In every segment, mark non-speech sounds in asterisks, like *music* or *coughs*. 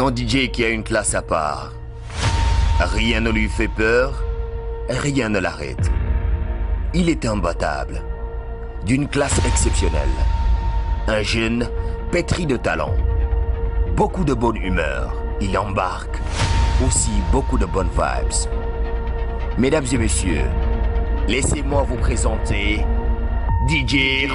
C'est un DJ qui a une classe à part. Rien ne lui fait peur, rien ne l'arrête. Il est imbattable, d'une classe exceptionnelle. Un jeune pétri de talent, beaucoup de bonne humeur. Il embarque aussi beaucoup de bonnes vibes. Mesdames et messieurs, laissez-moi vous présenter DJ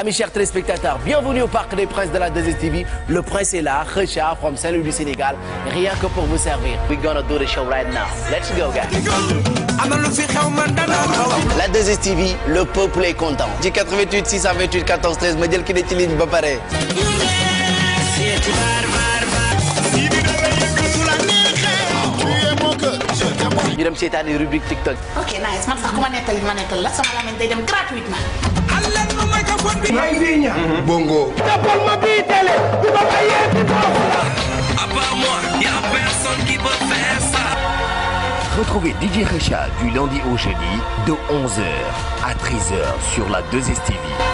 Amis chers téléspectateurs, bienvenue au Parc des Princes de la 2STV. Le prince est là, Richard from Saint-Louis du Sénégal, rien que pour vous servir. We gonna do the show right now. Let's go guys. La 2STV, le peuple est content. Di 88 628 14 13 ma jël ki ne ci ligne ba pare. ñu dem seetaani rubrique TikTok. OK, nice. Man sax ku ma nettali ma nettal la sama lamine day dem gratuitement. May Vigna. Bongo. Tapal ma bii télé. bu ma ko yéegi dox la. À part moi, y a personne qui peut faire ça. Retrouvez DJ Kheucha du lundi au jeudi de 11h à 13h sur la 2STV.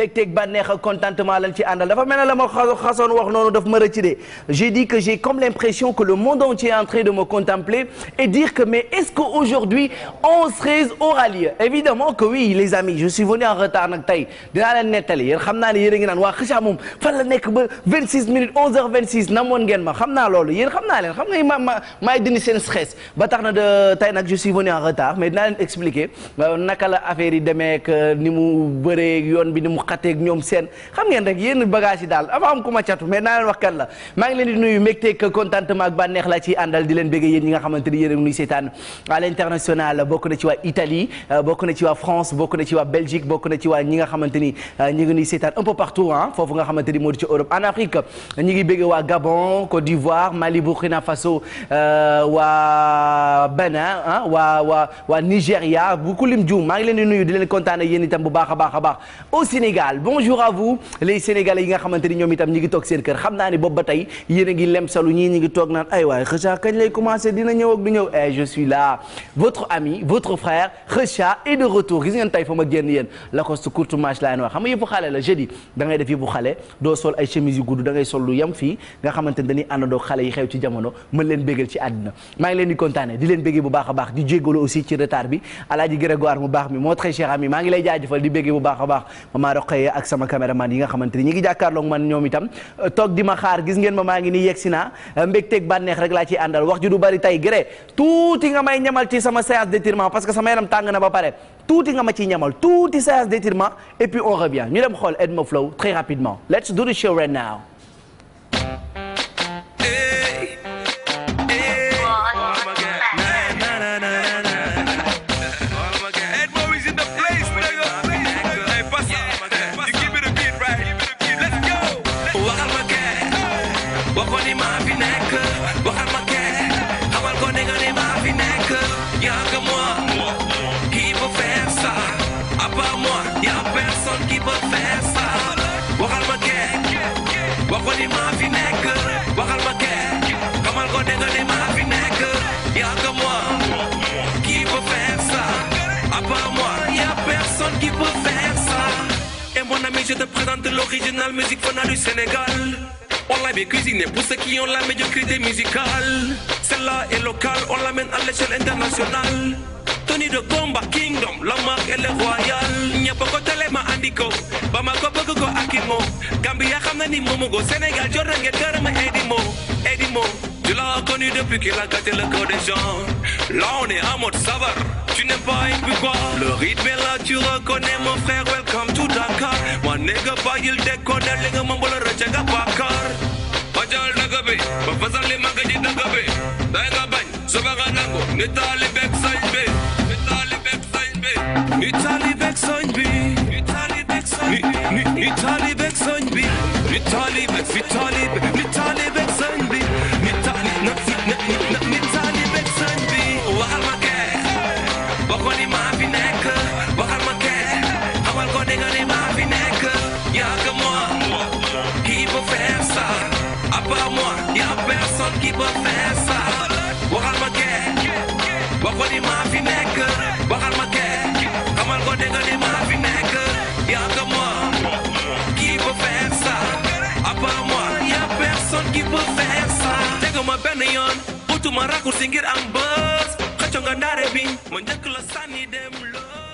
mbégteeg bànneex ak contentement lañ ci àndal dafa mel ne la ma xasoon wax noonu daf ma rëcc de j'ai que j'ai comme l'impression que le monde entier est en train de me contempler et dire que mais est-ce que aujourd'hui 11 évidemment que oui les amis je suis venu en retard nag tey dinaa leen nettali yéen xam naa ne yéen a ngi naan waa Kheucha moom fan la nekk ba 26 minutes 11h26 namoon na de tey nag je suis venu en retard mais dinaa leen expliquer euh, naka la xateeg ñoom seen xam ngeen rek yénn bagage daal avant am ku ma catu mais naa leen wax kan la maa ngi leen di nuyu mbégteeg contentement ak bànneex laa ci àndal di leen bégge yéen ñi nga xamante ni yéen a nuy seetaan à l'international bokk ci waa Italie euh, bokk ci waa France bokk ci waa Belgique bokk ci waa ñi nga xamante ni euh, ñi ngi nuy seetaan un peu partout ah foofu nga xamante ni moo di ci Europe en Afrique ñi ngi bégge waa Gabon Côte d'Ivoire Mali Burkina euh, waa waa waa waa Nigéria bu kulim juum maa ngi leen di nuyu di leen kontaane yéen itam bu baax baax a Sénégal bonjour à vous les Sénégalais yi nga xamante ñoom itam ñi ngi toog seen kër xam naa ni boobu ba tey yéen a ngi lem salu ñi ngi toog naan ay waay Kheucha kañ lay commencer dina ñëw ak du ñëw eh je suis là votre ami votre frère Kheucha est de retour gis ngeen tey fa ma génn yéen Lacoste courte manche laa leen wax xam nga yëpp xale la jeudi da ngay def yëpp xale doo sol ay chemise yu gudd da ngay sol fii nga xamante ni dañuy àndandoo xale yi xew ci jamono a a Roqeye ak sama caméraman yi nga xamante ñi ngi jàkkaarloog man ñoom itam euh, toog di ma xaar gis ngeen ma maa ngi nii yegg si euh, bànneex rek laa ciy wax ji du bari tey gré tuuti nga may ñamal ci sama séance d'étirement parce que sama yaram tàng na ba pare tuuti nga ma ciy ñamal tuuti séance d'étirement et puis on revient ñu dem xool Edmo Flow très rapidement let's do the show right now je te présente l'original musique fana du Sénégal. On l'avait cuisiné pour qui ont la médiocrité musicale. Celle-là est on l'amène à l'échelle internationale. Tony de combat, Kingdom, la marque elle est royale. ñëpp ko télé ma andi ba ma ko bëgg ko Gambia xam na ni moomu ko Sénégal jot na ngeen këram Edimo Edimo. Je l'ai connu depuis qu'il a le cœur gens. Là on est en tu n'aimes pas Ibukwa. Le rythme est là, tu reconnais mon frère, welcome to Dakar. Ma nigga, pas il déconne, les gars, mambo le rechaga bakar. Bajal nagabe, bafazan les magaji nagabe. Daiga bany, sobaga nango, nitali bek sanjbe. Nitali bek sanjbe. Nitali bek sanjbe. Nitali bek sanjbe. Nitali bek sanjbe. Nitali bek, nitali bek, nitali bek. ba fees waxal ma kee waxal ni maa fi ma kee xamal ko dégg ni maa fi nekk yaa kii ba fees à part moi y'a personne qui peut faire ça teguma benn yoon utuma raccourci ngir am bës xëcco nga ndaare bi ma njëkk la sànni dem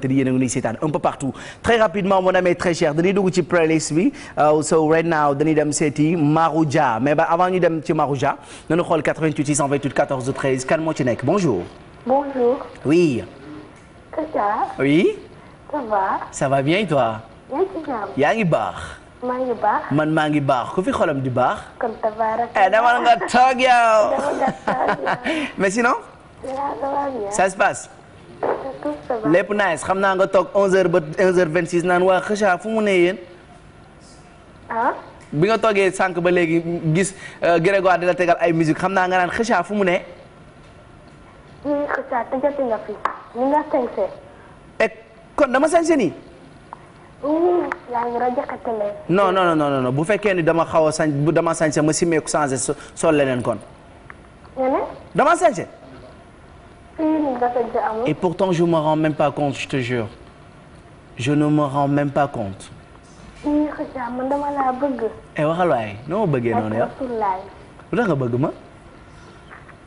xamante ni yéen a ngi nuy seetaan un peu partout très rapidement mon ami très cher dañuy dugg ci playlist bi euh, so right now dañuy dem seeti Marouja mais ba avant ñu dem ci Marouja nañu xool 88 628 14 13 kan moo ci nekk bonjour. bonjour. oui. Tata. oui. ça va. ça va bien toi. yaa ngi ci jàmm. yaa ngi baax. maa ngi baax. man maa ngi baax ku fi xolam di baax. kon tabaaraka. Eh, dama nga toog yow. dama nga toog yow. *laughs* mais sinon. ça se passe. lépp nice xam naa nga toog 11h ba 11h26 naan waa xëcca fu mu ne yéen. Ah? bi nga toogee sànq ba léegi gis euh, Grégoire di la tegal ay musique xam naa nga naan xëcca fu mu ne. yii eh, kon dama sañse nii. yaa ngi rajo xetale. bu fekkee ni dama xaw a dama sañse ma simeeku changé sol leneen kon. dama sañse. et pourtant je me rends même pas compte je jure je ne me rends même pas compte. man dama laa bëgg. eh waxal waay noo ma bëggee noonu yow. lu tax bëgg ma.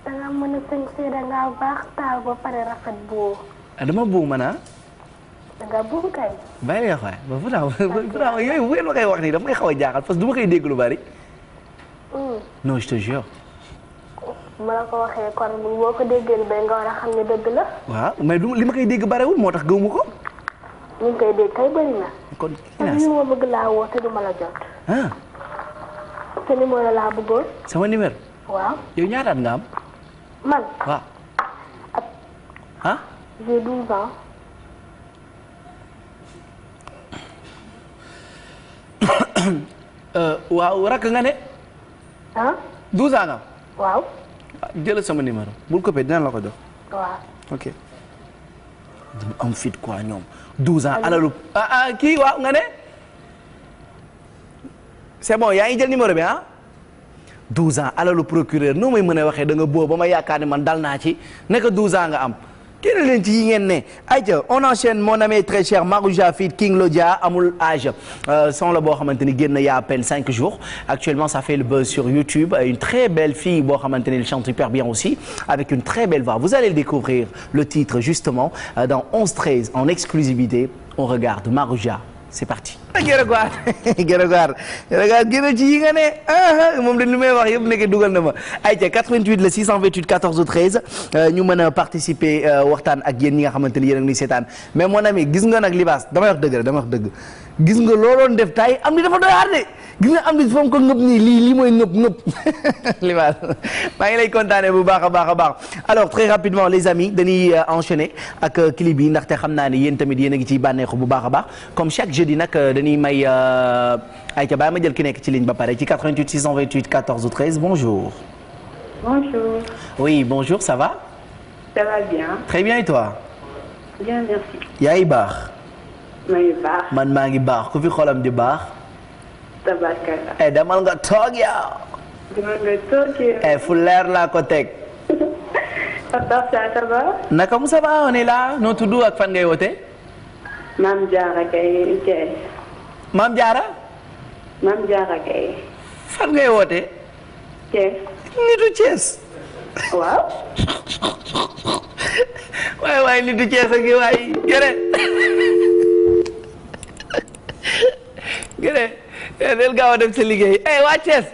da nga mën a sañse da ngaa ba pare rafet boo. Eh, ah dama bëgg ma naa. da kay. bàyyi la waay ba Fouta yooyu bu ngeen ma koy wax nii daf may xaw a jaaxal bari. Mm. non je jure. ma la ko waxee kon boo ko déggee lu bëri nga war a xam ne dëgg la. waaw mais du li ma koy dégg barewul moo tax gëwuma ko. ñu ngi koy dégg kay bëri kon financé ma bëgg laa la ah. laa bëggoon. sama numéro. waaw yow ñaataat nga man waaw. *coughs* jël sama numéro bul coupé dina la ko jox. waaw ok. am fit quoi ñoom 12 ans alalu. ah ah kii waaw nga ne. c'est bon yaa ngi jël numéro bi ah. 12 ans alalu procureur noo may mën a waxee da nga boobu ba ma yaakaar ne man dal naa ci nekk 12 ans nga am. génne leen ci yi ngeen ne ayca on enchaîne mon ami très cher Marouja Fit King Lodia amul âge euh, son la boo xamante ni génn y a à peine cinq jours actuellement ça fait le buzz sur YouTube une très belle fille boo xamante ni elle chante hyper bien aussi avec une très belle voix vous allez le découvrir le titre justement euh, dans 11 13 en exclusivité on regarde Marouja c'est parti. Grégoire *laughs* *laughs* Grégoire Grégoire génn ci yi nga ne ah, ah, moom dañ li may wax yëpp nekkee dugal na ma ayca 88 la 628 14 13 ñu mën a participer euh, waxtaan ak yéen ñi nga xamante ni yéen a ngi seetaan mais mon ami gis nga nag libaas damay wax dëgg rek damay wax dëgg. gis nga looloon def tay am ni dafa doy waar de gis nga am ni foog ko ngëp nii lii lii mooy ngëp ngëp *laughs* li ma maa ngi lay kontaanee bu baax a baax a baax alors très rapidement les amis dañuy euh, enchaîner ak euh, clip yi ndaxte xam naa ne yéen tamit yéen a ngi ciy bànneexu bu baax a baax comme chaque jeudi nag euh, dañuy may ayca bàyyi ma jël ki nekk ci lin ba pare ci 88 628 14 ou 13 bonjour. bonjour. oui bonjour ça va. ça va bien. très bien et toi. bien baax. man maa ngi baax ku fi xolam di baax. tabarkalla. eh demal toog yow. demal nga toog eh, laa ko teg. *laughs* Papa ça va. naka mu ça va on est là noo tudd ak fan ngay woote. maam Diarra Gaye Ndiaye. fan ngay woote. Thiès. nitu Thiès. waaw. *laughs* waay waay nitu Thiès ak yi waay gërëm. *laughs* gëne eh, del gaaw a dem sa liggéey ay eh, waa Thiès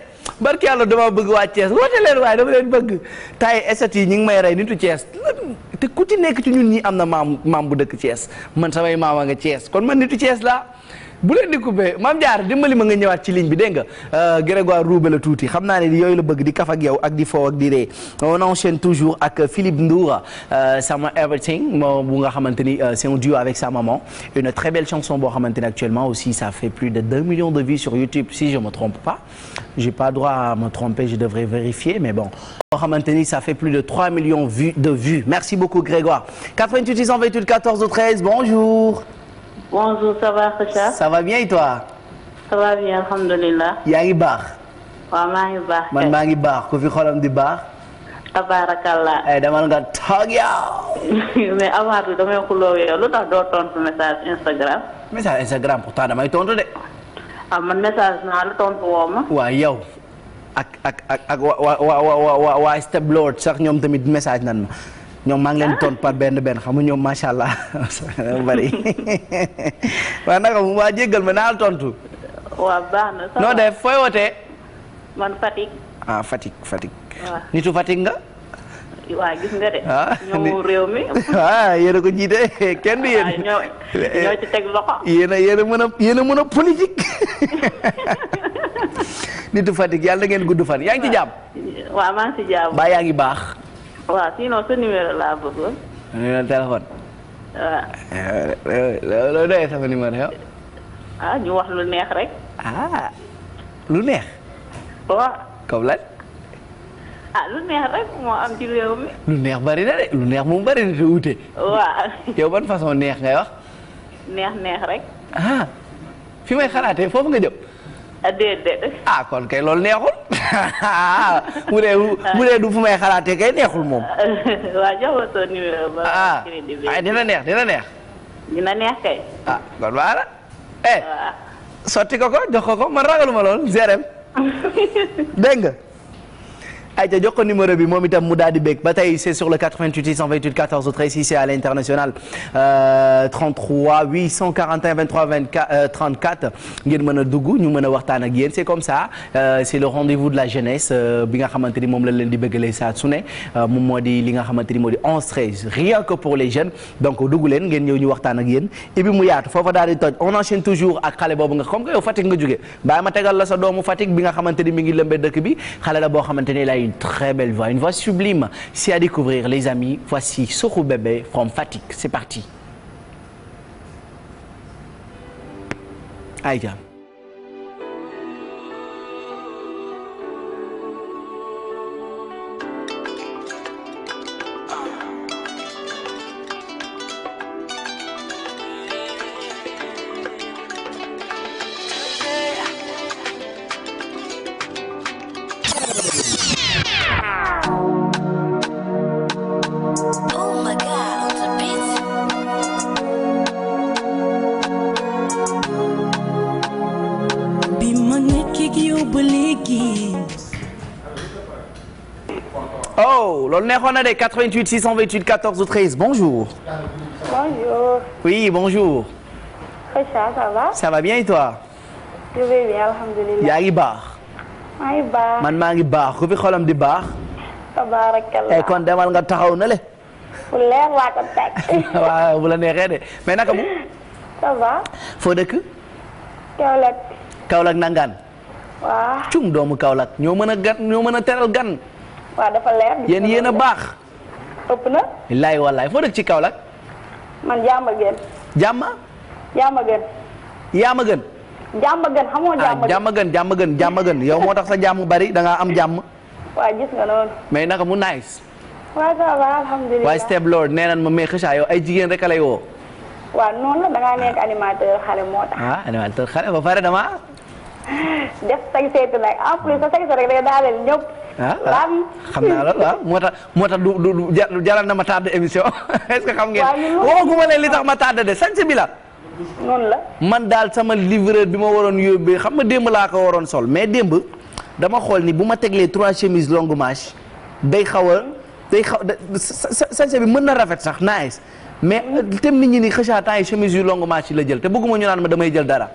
yàlla dama bëgg waa Thiès woote leen waaye dama leen bëgg tay esat yi ñi ngi may rey nitu cees te ku ci nekk ci ñun ñi am na maam maam bu dëkk Thiès man samay maama nga Thiès kon man nitu Thiès laa bu leen di coupé Mame Diarra dimbali ligne bi euh, Grégoire Roube la tuuti xam naa ne yooyu la bëgg di kaf ak yow ak di foo ak euh, euh, everything moo bu nga ni c'est un duo avec sa maman une très belle chanson boo xamante ni actuellement aussi ça fait plus de 2 millions de vues sur YouTube si je me trompe pas j'ai pas droit à me tromper je devrais vérifier mais bon boo xamante ni ça fait plus de 3 millions de bonjour ça va Kheucha. bien et toi. ça bien alhamdulilah. yaa ngi baax. waaw maa ngi baax man maa ngi baax ku fi xolam di baax. tabarakallah. ay dama nga toog yow. mais avant tout damay xuloo yow lu tax doo tontu message Instagram. message Instagram pourtant damay tontu de. ah message naa la tontu woo ma. waaw ak ak ak ak wa wa wa wa wa sax ñoom tamit message nan ma. ñoom maa ngi leen ton par benn benn xamu ñoom macha allah *laughs* bari waaw naka mu waa jéggal ma naa la tontu. waaw baax def fooy wootee. man Fatick. Ah, fatik nitu fatik nga. waaw gis nga de. Ah. ñoom réew mën a yéen *laughs* nitu Fatick yàlla na ngeen gudd fan yaa ngi ci jàmm. waaw yaa ngi baax. waaw sinon sa numéro laa bëggoon. numéro téléphone. waaw. Eh, loo doyee sama numéro yow. ah ñu wax lu neex rek. ah lu neex. waaw. Ah, lu neex rek moo am lu neex bari na lu neex mu bari na te wuute. ban façon neex ngay wax. neex neex rek. ah fi may xalaatee foofu nga jëm. Ah, déedéet. Ah, kon kay loolu neexul *laughs* ah. bu dee du fu may xalaatee kay neexul moom. *laughs* waaw jox ay dina neex dina neex. dina neex kay. ah kon baax na. eh sotti ko ko jox ko ko man ragaluma lool zérém *laughs* dégg nga. ayca jox ko numéro bi moom itam mu daal di bég ba tey c'est sur le 88 628 ngeen mën a dugg ñu mën a waxtaan ak yéen c'est comme ça euh, c'est le rendez-vous de la jeunesse euh, bi nga xamante moom la leen di bëggalee saa su ne euh, moom moo di li nga xamante ni moo di rien que pour les jeunes donc dugg leen ngeen ñëw ñu waxtaan ak yéen ibi mu yaatu foofa daal di toj on enchaîne toujours ak xale boobu nga comme que yow Fatick nga jógee bàyyi ma tegal la sa une très belle voix, une voix sublime. C'est à découvrir, les amis. Voici Soro Bébé from Fatick. C'est parti. Aïga. neexoon na de 88 628 14 ou 13 bonjour. bonjour. oui bonjour. Kheucha ça va. ça va bien et toi. je vais bien alhamdulilah. yaa ngi baax. maa ngi baax man maa ngi baax ku fi xolam di baax. tabarakallah eh, kon demal nga taxaw na le. bu leer laa ko teg. *laughs* waaw bu la neexee de mais naka mu. ça va. foo dëkk. Kaolack. Kaolack nangaan. waaw. cung doomu Kaolack ñoo mën a mën a waaw dafa leer. yéen yéen a baax. ëpp na. laay wallaay foo dëkk ci Kaolack. man jàmm gën. jàmm. jàmm gën. yaama gën. jàmm gën xamoo jàmm gën jàmm gën jàmm gën jàmm gën yow moo tax sa jàmm bari danga ngaa am jàmm. waaw gis nga noonu. mais naka mu nice. waaw ça va alhamdulilah waaye Step Lord nee ma mais xëcaa yow ay jigéen rek a lay woo. waaw noonu la da ngaa nekk animateur xale moo tax. ah animateur xale ba pare dama. def sañ seetu nag en plus ah, ah. xam naa la ah. waaw moo tax moo tax du du jaral na ma tàdd émission *laughs* est-ce xam ngeen. waxaguma leen li tax ma tardé de sañse bi la. man daal sama livreur bi ma waroon yóbbee xam nga démb laa ko waroon sol mais démb dama xool ni bu ma teglee trois chemises longue manche day xaw a day xaw sañse bi mën na rafet sax nice mais tem nit ñi ni xëcc temps yi chemise yu longue manche yi la jël te bëgguma ñu naan ma damay jël dara.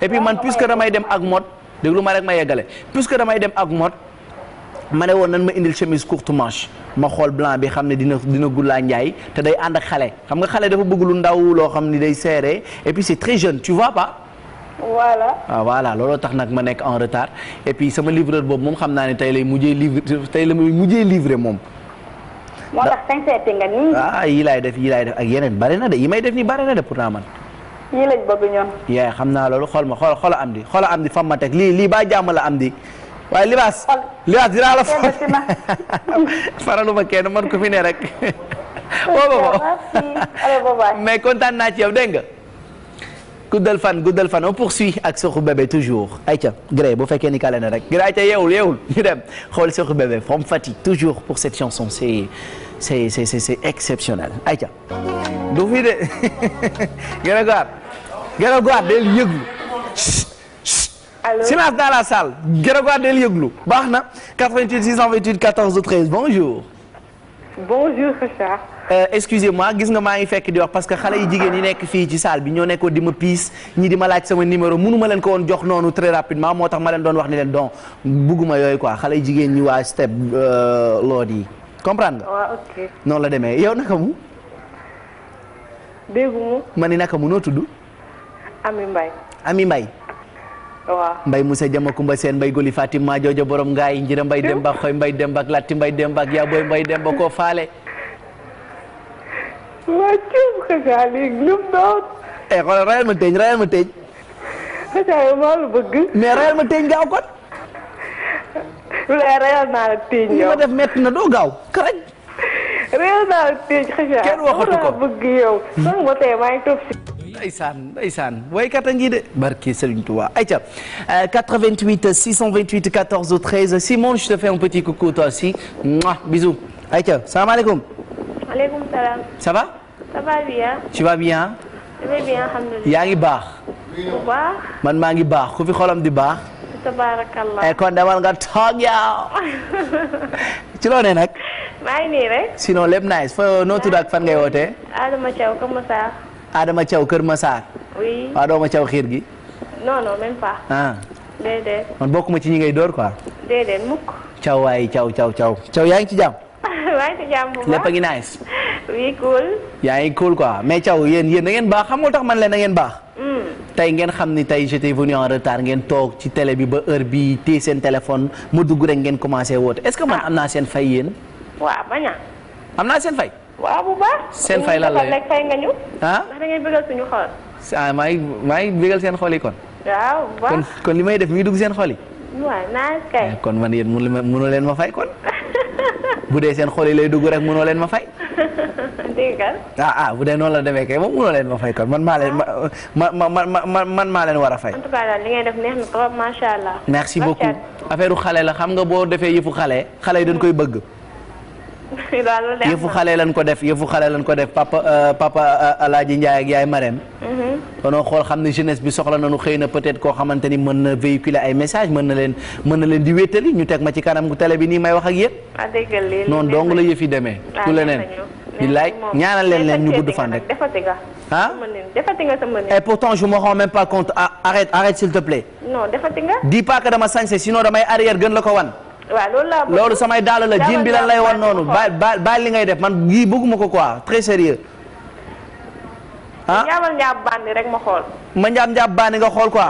et puis man puisque damay dem ak mode déglu ma rek ma yeggale puisque damay dem ak mode. ma ne woon nan ma indil chemise courte manche ma xool blanc bi xam ne dina dina gullaa njaay te day ànd ak xale xam nga xale dafa bëgg lu ndaw loo xam ni day serré et puis c'est très jeune tu vois pas. voilà ah voilà looloo tax nag ma nekk en retard et puis sama livreur boobu moom xam naa ne tey lay mujjee livre tey la muy mujjee livré moom. moo tax sincère nga nii. ah yii laay def yii laay def ak yeneen bari na de yi may def nii bari na de pourtant man. yii xam naa loolu xool ma xool xoola am xoola am di ma teg lii lii baa jàmm la waaye libaas libaas dinaa la faral *laughs* faraluma kenn man ko fi ne rek woo *laughs* ma mais kontaan naa ci yow dégg nga guddal fan guddal fan on poursuit ak Sokhou Bébé toujours ca gré bu fekkee ni kale na rek gré ayca yeewul yeewul ñu dem xool Sokhou Bébé from Fatick toujours pour cette chanson c'est c'est c'est c'est c'est exceptionnel fi de *laughs* gën a gaaw yëglu silence dans la salle Grégoire del yëglu baax na 88 628 14 13 bonjour. bonjour Richard. Euh, excusez-moi gis nga maa ngi fekk di wax parce que xale yi jigéen yi nekk fii ci salle bi ñoo nekkoon di ma piis ñi di ma laaj sama numéro munuma leen ko woon jox noonu très rapidement moo tax ma leen doon wax ni leen donc bugguma yooyu ko xale yi jigéen ñi waa step euh, lood yi comprendre nga. waaw la demee yow naka mu. déggu mu. ma ni naka mu noo tudd. Ami Mbaye. Ami Mbaye. waaw mbay Moussa Jama Kumba Seen mbay Goli Fatima joojo borom ngaay njira mbay demba xoy mbay demba latti mbay demba ak mbay demba koo faale waa cub xasaa léegi lum doon e xoolal rayal ma teeñ rayal ma teeñ xasaa yow maa la bëgg ma teeñ gaaw kon wala rayal naa ko ndeysaan ndeysaan waykat a ngi de barke Sëriñ Tuubaa ayca 88 628 14 13 Simon je te fais un petit coucou toi aussi mouah bisous ayca salaamaaleykum maaleykum ngi baax man maa ngi baax ku fi xolam di baax tabaarakallah e eh, kon demal nga toog yow *laughs* ci loo ne nag maa ngi nii rek sinon lépp nice fa noo tudd ak fan ngay wootee Adama Thiaw Kër Massar Adama caw Kër Massar. oui waaw doo ma Thiaw xiir gi. non non même ah. ci ñi ngay door quoi. déedéet mukk. caw caw caw Thiaw Thiaw yaa ngi ci jàmm. *laughs* maa ngi ci jàmm a ngi nice. oui cool. yaa ngi cool mais Thiaw yéen yéen da ngeen baax xam nga tax man leen da ngeen baax. Hmm. tey ngeen xam ni tey j'étais venu en retard ngeen toog ci télé bi ba heure bi téye seen téléphone mu dugg rek ngeen commencé woote est-ce que man ah. am naa seen fay yéen. am naa seen fay. waa bu seen fay lan la rek fay nga ñu. ah, ah bëggal seen xol kon. kon kon li may def mi dugg seen xoli ah, kon man yéen mënu mënu leen ma fay kon *laughs* bu dee seen xol yi lay dugg rek mënoo leen ma fay. *laughs* dégg nga. Ah, ah bu dee noonu la demee kay moom mënoo leen ma fay kon man maa leen ma ma ma man maa leen war a fay. en tout merci beaucoup affaire xale la xam nga boo defee yëfu xale xale yi dañ koy bëgg. *laughs* yëfu xale lan ko def yëfu xale lan ko def papa euh, papa euh, alaaji Ndiaye ak yaay Marème danoo mhm. xool xam ne jeunesse bi soxla na nu xëy na peut-être koo xamante ni mën na véhiculer ay message mën na leen mën na leen di wéttali ñu teg ma ci kanam télé bi nii may wax ak yéen ah, noonu dong la yëf yi demee du leneen billaay ñaanal leen leen ñu gudd fan rek ah et eh, pourtant je me rends même pas compte ah, arrête arrête s'il te plaît dis pas dama sañse sinon damay arrière gën la ko wan waaw loolu laa loolu samay daal la jiin bi lan lay wan noonu ba ba ba li ngay def man yii bëgguma ko quoi très sérieux ah ñaamal njaab rek ma xool. ma njaab njaab bànni nga xool quoi.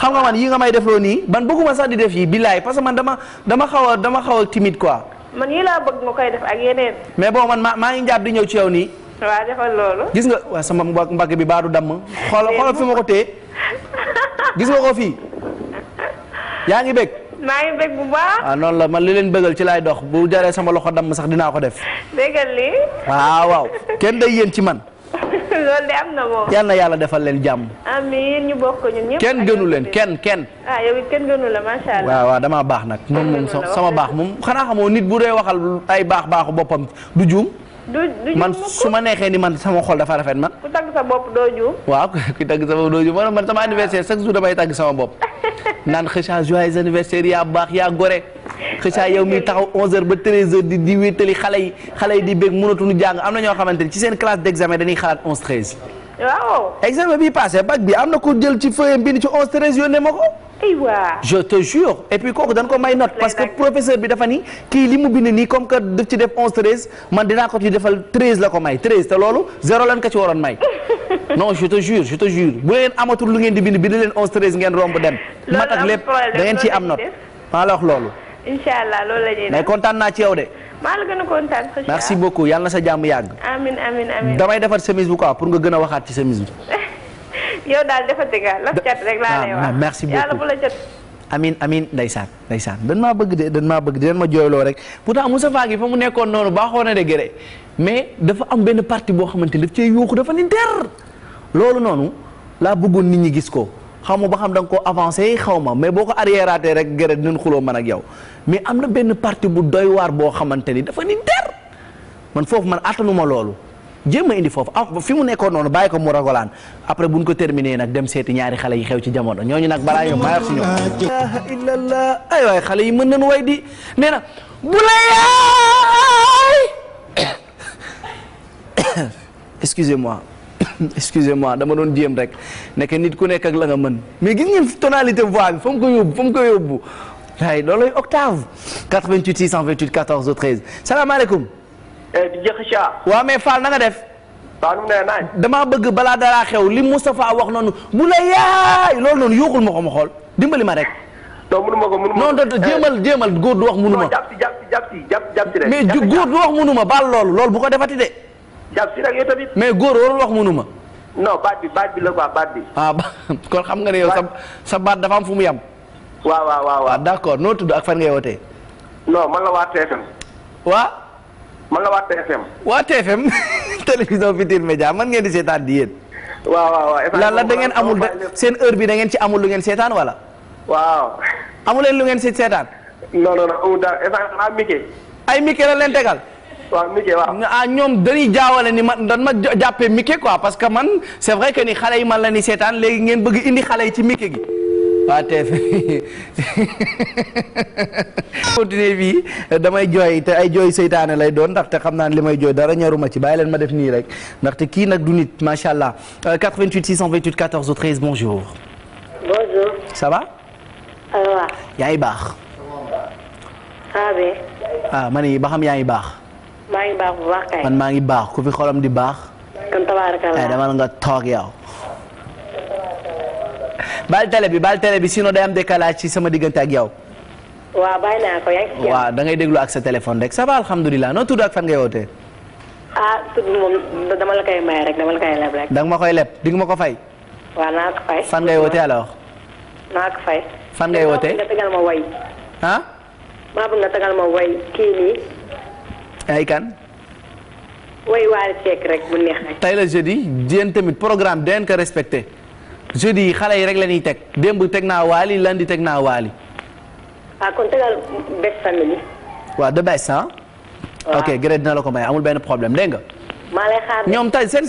xam nga man yii nga may defloo nii man di def yi billaay parce que man dama dama xaw dama xaw a quoi. man yii laa bëgg nga koy def ak yeneen. mais bon man maa maa ngi njaab di ñëw ci yow nii. waaw gis nga waaw sama mbagg bi baadu damm. xoolal xoolal fi ma ko téye gis ko fii yaa ngi bëgg. maa ngi ah, noonu la man li leen bëggal ci laay dox bu jaree sama loxo damm sax dinaa ko def. bëggal lii. waaw ah, waaw kenn day yéen ci man. *laughs* loolu yàlla defal leen jàmm. kenn gënu leen kenn kenn. ah waaw waaw damaa baax nag. moom moom sama baax moom xanaa xamoo nit bu dee waxal ay baax baaxu boppam du juum. man su ma neexee ni man sama xol dafa rafet man. ku tagg sa bopp doo juum. waaw ku tagg sa bopp doo juum man sama anniversaire chaque jour damay tagg sama bopp *laughs* naan xëcca joyeux anniversaire yaa taxaw 11h ba 13h di wéetali xale yi xale yi di bég jàng am na ñoo xamante ni ci seen classe d' examen dañuy xalaat 11 13. waaw. examen bii passé bac bi am na ko jël ci feuille bi bind ci 11 13 yónnee ma ko. je te et puis kooku dañ ko may not parce que professeur bi dafa ni kii li mu bind nii comme que def ci def onze treize man dinaa ko ci defal treize la ko may treize te loolu zéro lan ko ci waroon may *laughs* non je te jure je te jure bu leen amatul lu ngeen di bind bind leen onze treize ngeen romb dem mat ak lépp da ngeen ciy am note maa la wax loolu incha allah mais kontaan naa ci yow de maa a kontaan merci beaucoup yàlla na sa jàmm yàgg amin amin amin damay defar chemise bu quoi pour nga gën a waxaat ci chemise bi *laughs* yow daal defa nga laf cat rek laa lay ah, wax merci beaucoup yàlla bu la cat amin amin ndeysaan ndeysaan dañ maa bëgg de dañ maa bëgg de dañ ma jooyloo rek pourtant Moussa Fagui fa mu nekkoon noonu baaxoo na de gëré mais dafa am benn parti boo xamante ni daf cee yuuxu dafa ni der loolu noonu laa bëggoon nit ñi gis ko xaw ma ba xam da ko avancé xaw ma mais boo ko arriératé rek gëré dinañ xuloo man yow mais am na benn parti bu doy waar boo xamante ni dafa ni man foofu man attanuma loolu jéem a indi foofu ah fi mu nekkoon noonu bàyyi ko mu ragolaan après bu buñ ko terminé nag dem seeti ñaari xale yi xew ci jamono ñooñu nag balaa ñoom maa yor si ñoom. illallah ay xale yi mën nañu way di nee na bu la yaay *coughs* excusez-moi *coughs* excusez-moi dama doon jéem rek nekk nit ku nekk ak la nga mën mais gis ngeen tonalité voix bi fa ko yóbbu fa ko yóbbu waaye loolooy octave 88 628 14 13 salaamaaleykum. Eh, di jëxëcaa. waaw mais Fall na nga def. waaw nu mu nee naaj. damaa bëgg balaa dara xew li Moustapha wax noonu bu la yaay loolu noonu yuuxul ma ko ma xool dimbali ma rek. non mënuma ko mënuma ko non non eh. jéemal jéemal góor du wax mënuma. jàpp si jàpp si jàpp si jàpp jàpp si rek. mais góor du wax mënuma baal loolu lool bu ko defati de. jàpp si tamit. mais góor warul wax mënuma. non baat bi baat bi la quoi baat bi. ah ba *laughs* kon xam nga ne yow sa sa baat dafa am fu mu yam. waa waaw waaw waaw ah, d'accord noo tudd ak fan ngay wootee. non man la waa TFM. waa. man la waa TFM. waa *laughs* TFM télévision Futurs média man ngeen di seetaan di yéen. waaw waaw waaw lan la da ngeen amul seen heure bi da ngeen ci amul lu ngeen seetaan wala. waaw. amuleen lu ngeen si seetaan. non non non daal ah, ay Mike. ay Mike la leen tegal. waaw Mike waaw. ah ñoom dañuy jaawale ni man dan ma jàppee Mike quoi parce que man c'est vrai que ni xale yi man la ni seetaan léegi ngeen bëgg indi xale yi ci Mike gi. waa *laughs* TFM continuer bi damay jooy te ay jooy seytaane lay doon ndaxte xam naa ne li may jooy dara ñaruma ci bàyyi leen ma def nii rek ndaxte kii nag du nit macha allah 88 628 14 ou 13 bonjour. bonjour. ça va. yaa ngi baax. ça va. ah ma ba xam yaa ngi baax. maa man maa ngi baax ku fi xolam di baax. kon tabaaraka la eh, nga toog yaw baal télé bi baal télé bi sinon day am décalage ci sama diggante ak yow. waaw bàyyi naa ko yaa ngi waaw da ak sa téléphone rek ça va alhamdulilah ngay wootee. Ah, la koy ma koy leb di nga ma ko fay. waaw naa tamit programme den ko respecté. jeudi yi xale yi rek la ñuy teg démb teg naa waali lundi teg naa waali. Ah, waa kon tegal best family. waaw de ah? ok gërëm dina la ko may amul benn problème dégg nga. maa lay xaar de ñoom tey seen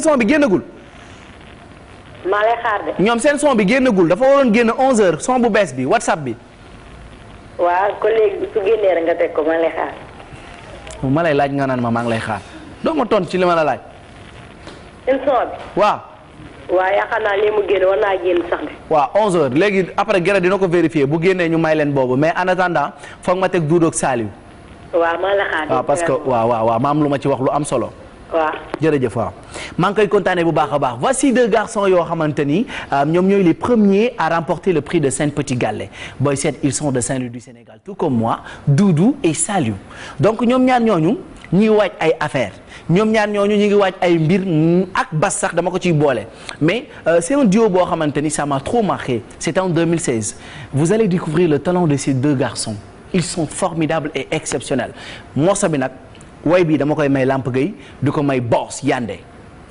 seen bi génnagul. maa ñoom seen son bi génnagul dafa waroon génn 11h son bu bees bi whatsapp bi. waaw ko léegi su génnee rek nga teg ko maa lay xaar. ma lay laaj nga naan ma maa ngi lay xaar doo ma tontu ci li ma la laaj. seen son bi waaw. waaw yaakaar naa lii mu génn war naa génn sax de. waaw 11h léegi après gerte dina ko vérifier bu génnee ñu may leen boobu mais en attendant ma teg Doudou ak Saliou. waaw parce que waaw waaw waaw ma am lu ma ci wax lu am solo. waaw jërëjëf waaw maa ngi koy kontaanee bu baax a baax voici deux garçons yoo xamante ni euh, ñoom ñooy les premiers à remporter le prix de Sen-Petit Gallé booy seet ils sont de Saint-Louis du Sénégal tout comme moi Doudou et Saliou donc ñoom ñaar ñooñu. ñuy waaj ay affaire ñoom ñaar ñooñu ñu ngi waaj ay mbir ak bas sax dama ko ciy boole mais euh, c'est un duo boo xamante ni ça m'a trop marqué c'était en 2016 vous allez découvrir le talent de ces deux garçons ils sont formidables et exceptionnels morceau bi nag way bi dama koy may Lamp Gueye du ko may Boss Yandé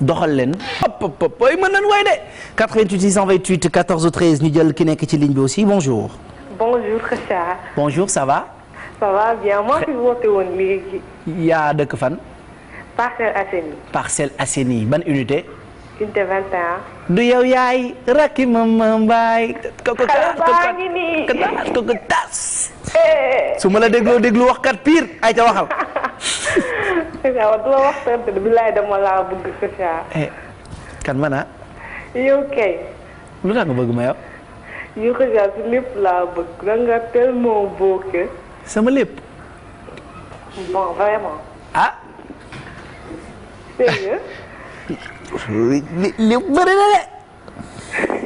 doxal leen hop hop ay mën nañ way de 88 628 14 ñu jël ki nekk ci ligne bi aussi bonjour bonjour Kheucha bonjour ça ça va bien du yow yaay rakki mama mbaay. ma la dégloo déglu waxkat pire ay ca waxal. *laughs* Eh, kan ma ah? lu tax nga bëgg ma yow. yow Kheucha si lépp laa bëgg. da tellement beau que. sama lépp. bon vraiment. ah. sérieux. *laughs* lépp bëri na de.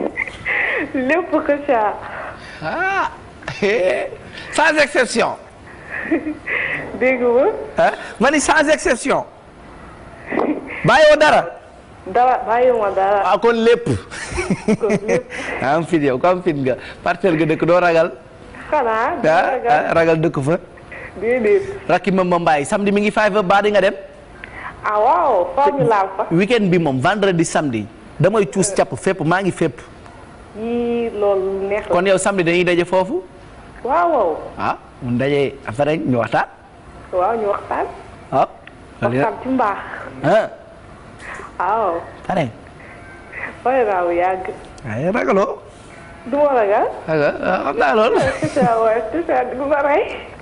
*laughs* lépp que ah. *laughs* sans exception. dégg ah ma ni sans exception. bàyyiwoo dara. dara bàyyiwuma dara. ah kon lépp. kon lépp. am fit yow ko am fit nga partenaire nga dëkk doo ragal. xanaa. Ah, ah, ragal dëkk fa. déedéet. rakki ma ma mbaay samedi mi ngi 5h ba di nga dem. ah waaw foo weekend bi moom vendredi samedi damay cuus euh. capp fépp maa ngi fépp. yii loolu neex kon yow daje foofu. ah mu daje après ñu ñu waxtaan. ah. waxtaan ah. ay ragaloo. du ma ragal. xam naa loolu.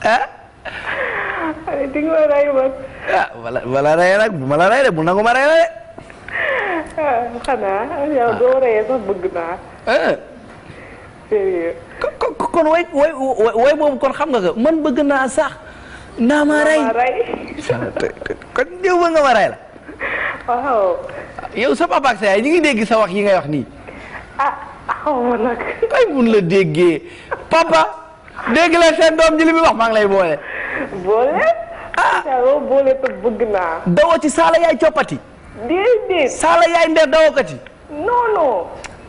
ah. di nga ma rey man. ah bu ma de bu nangu ma rey la de. ah xanaa yow doo reyee sax bëgg kon way way way kon xam nga ko man bëgg naa sax. naa ma rey naa ma rey. la. waaw. sa papa sa yaay ñu ngi dégg sa yi ngay wax nii. xaw ma kay mun la déggee papa dégg la seen doom ji li muy wax maa ngi lay boole. boole. ah waaw ci saala yaay coppati. déedéet. saala yaay ndeer dawoo kati.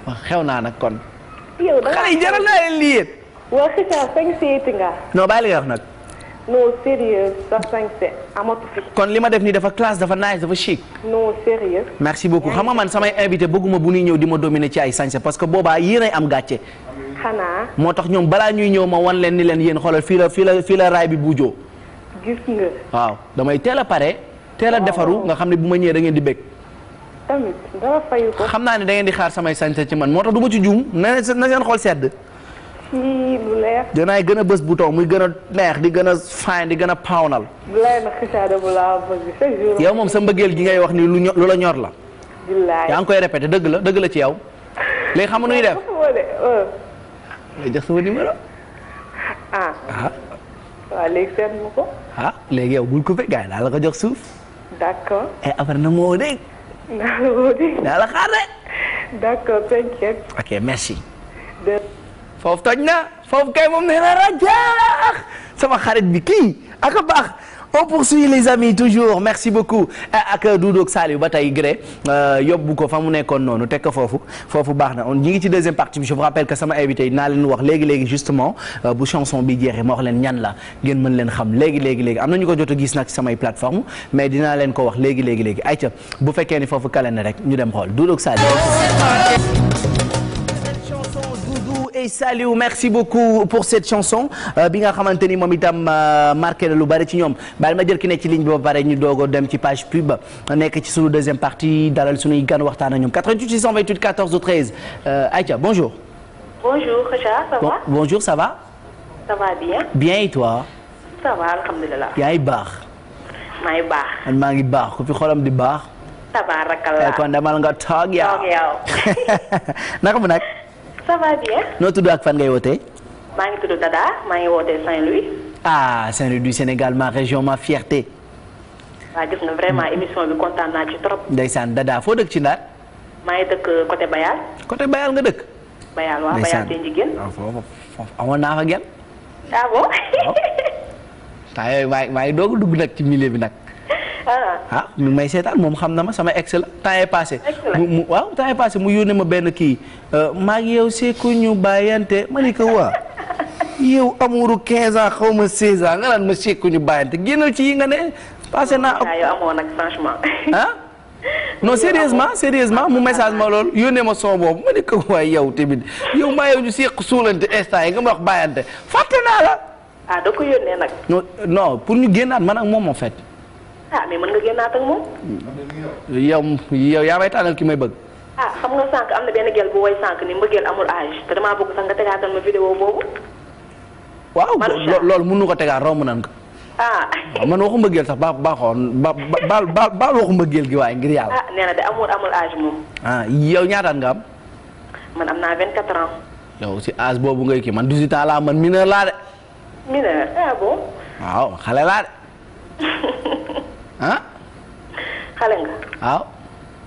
Ah, xew naa nag kon. yow da xale yi jaral naa li nga wax nag. non sa sañse kon li ma def nii dafa classe dafa nice dafa chic. non sérieux. merci beaucoup xam nga man samay invité bëgguma bu ñuy ñëw di ma dominer ci ay sañse parce que boobaa yéenay am gàcce. xanaa. moo tax ñoom balaa ñuy ñëw ma wan leen ni leen yéen xoolal fii la fii la fii la raay bi buujoo. gis waaw damay teel a pare. teel a defaru nga xam ne bu ma ñëwee da ngeen di bëgg. xam naa ne da ngeen di xaar samay sañse ci man moo tax du ma ci juum na na seen xool sedd. yii lu leer. gën a bës bouton muy gën a neex di gën a fine di gën a pawnal. lay na xisaade moom sa mbëggeel gi ngay wax ni lu la ñor la. yaa ngi koy répété dëgg la dëgg la ci yow. léegi xam nga nu ñuy def lay jox sama numéro. Euh. ah, ah. léegi seet ko. ah léegi bul coupé gars yi daal ko jox suuf. d'accord ay eh, affaire na moo dégg. naa la woo dégg. naa la xaar rek. d'accord t'inquiète. ok merci. foofu toj na foofu kay moom nee na rajaax sama xarit bi kii ak a baax on poursuit les amis toujours merci beaucoup eh, ak Doudou ak Saliou ba tey gré euh, yóbbu ko fa mu nekkoon noonu tekk ko foofu foofu baax na on ñi ngi ci deuxième partie bi je vous rappelle que sama invité dinaa leen wax léegi léegi justement euh, bu chanson bi jeexee ma wax leen ñan la ngeen mën leen xam léegi léegi léegi am na ñu ko jot a gis nag ci samay plateforme mais dinaa leen ko wax léegi léegi léegi ayca bu fekkee ni foofu kale rek ñu dem xool Doudou et Saliou merci beaucoup pour cette chanson euh, bi nga xamante ni moom itam euh, marqué na lu bari ci ñoom bàyyi ma jël ki ne ci ligne bi ba pare ñu doog dem ci page pub nekk ci sunu deuxième partie dalal sunuy gan waxtaan ak ñoom 88 628 14 13 Aïcha bonjour. bonjour Kheucha ça va. bonjour ça va. ça va bien. bien et toi. ça va alhamdulilah. yaa ngi baax. maa baax. maa ngi baax ku fi xolam di baax. tabaarakallah kon demal nga toog yow. toog yow. *laughs* naka mu nag. ça va bien. noo tudd ak fan ngay wootee. maa ngi tudd Dada maa ngi wootee Saint-Louis. ah Saint-Louis du Sénégal ma région ma fierté. waaw Dada foo dëkk ci Ndar. maa ngi dëkk côté Bayal. côté Bayal nga dëkk. Bayal waaw Bayal seen jigéen. waaw foofu foofu amoon naa ah bon. waaw. Ah *laughs* taa yooyu maa ngi maa ngi doog dugg nag ci bi nag. ah, ah mi may seetaan moom xam na ma sama ex la temps est passé mu waaw ma benn kii euh, maa ngi yow c'est que ñu bàyyante ma ni ko waa yow amuru ans xaw ma 16 ans nga naan ma c'est ñu bàyyante génnal ci yi nga ne passé naa yow amoon *laughs* ah? sérieusement sérieusement mu message ma loolu yónnee ma son ma ne ko waaye yow tamit yow maa yow ñu seq suulante instant yi nga ma wax bàyyante fàtte naa la. ah pour ñu génnaat ma ak moom en fait. ah mais mën nga génnaat ak moom. yow yow yaa may tànnal ki may bëgg. ah xam nga sànq am na benn gel bu woy sànq ni mbëggeel amul âge te damaa bëgg sax nga tegaatal ma vidéo boobu. waaw loolu mën nu ko tegaat romb nan ko. man waxu mbëggeel sax baa baaxoon ba baal baal waxu mbëggeel gi waaye ngir yàlla. ah nee de amul amul âge moom. ah ñaataan nga am. man am naa 24 ans. yow si âge boobu ngay kii man 18 ans laa man mineur laa de. mineur ah. xale nga. waaw.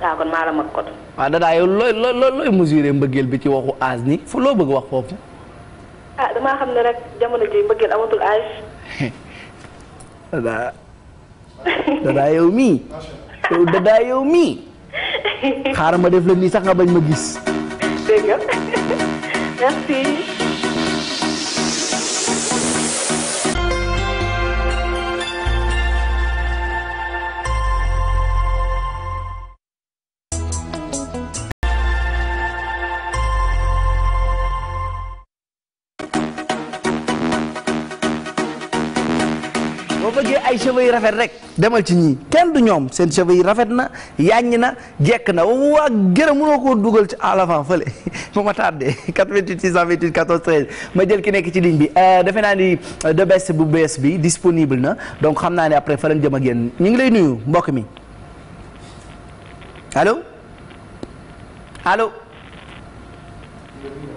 waaw kon maa la mag kot. waaw dadaa yow looy looy looy mesurer mbëggeel bi ci waxu âge ni fu loo bëgg wax foofu. ah damaa xam ne rek jamono ji mbëggeel amatul âge. *laughs* dadaa dadaa yow mii. yow yow mii. *laughs* xaaral ma def la nii sax nga bañ ma gis. dégg nga *laughs* merci. boo bëggee ay cheveux yu rafet rek demal ci ñii kenn du ñoom seen cheveux yu rafet na yàññ na jekk na waa gërëm mënoo koo dugal ci à l'avant fële *laughs* ba ma tardé 88 628 14 13 ma jël ki nekk ci ligne bi euh, defe naa ni de euh, best bu bees bi disponible na donc xam naa ne après fa lañ jëm ak yéen ñu ngi lay nuyu mbokk mi allo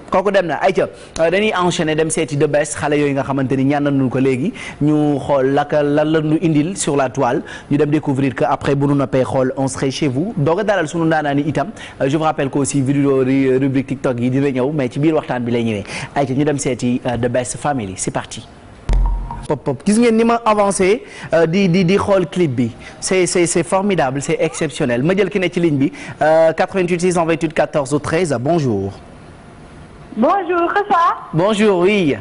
kooku dem na ay ayca euh, dañuy enchaîner dem seeti de bes xale yooyu nga xamante ni ñaanal nañu ko léegi ñu xool laka lan la ñu indil sur la toile ñu dem découvrir que après bu nu noppee xool on serait chez vous doog sunu ndaanaan itam euh, je vous rappelle que aussi vidéo rubrique TikTok yi dina ñëw mais ci biir waxtaan bi lay ñëwee ayca ñu dem seeti euh, de bes family c'est parti. pop pop gis ngeen ni ma avancé di di di xool clip bi c'est c'est c'est formidable c'est exceptionnel ma jël ki ci ligne bi 88 628 14 13 Bonjour, Kheucha. Bonjour, oui.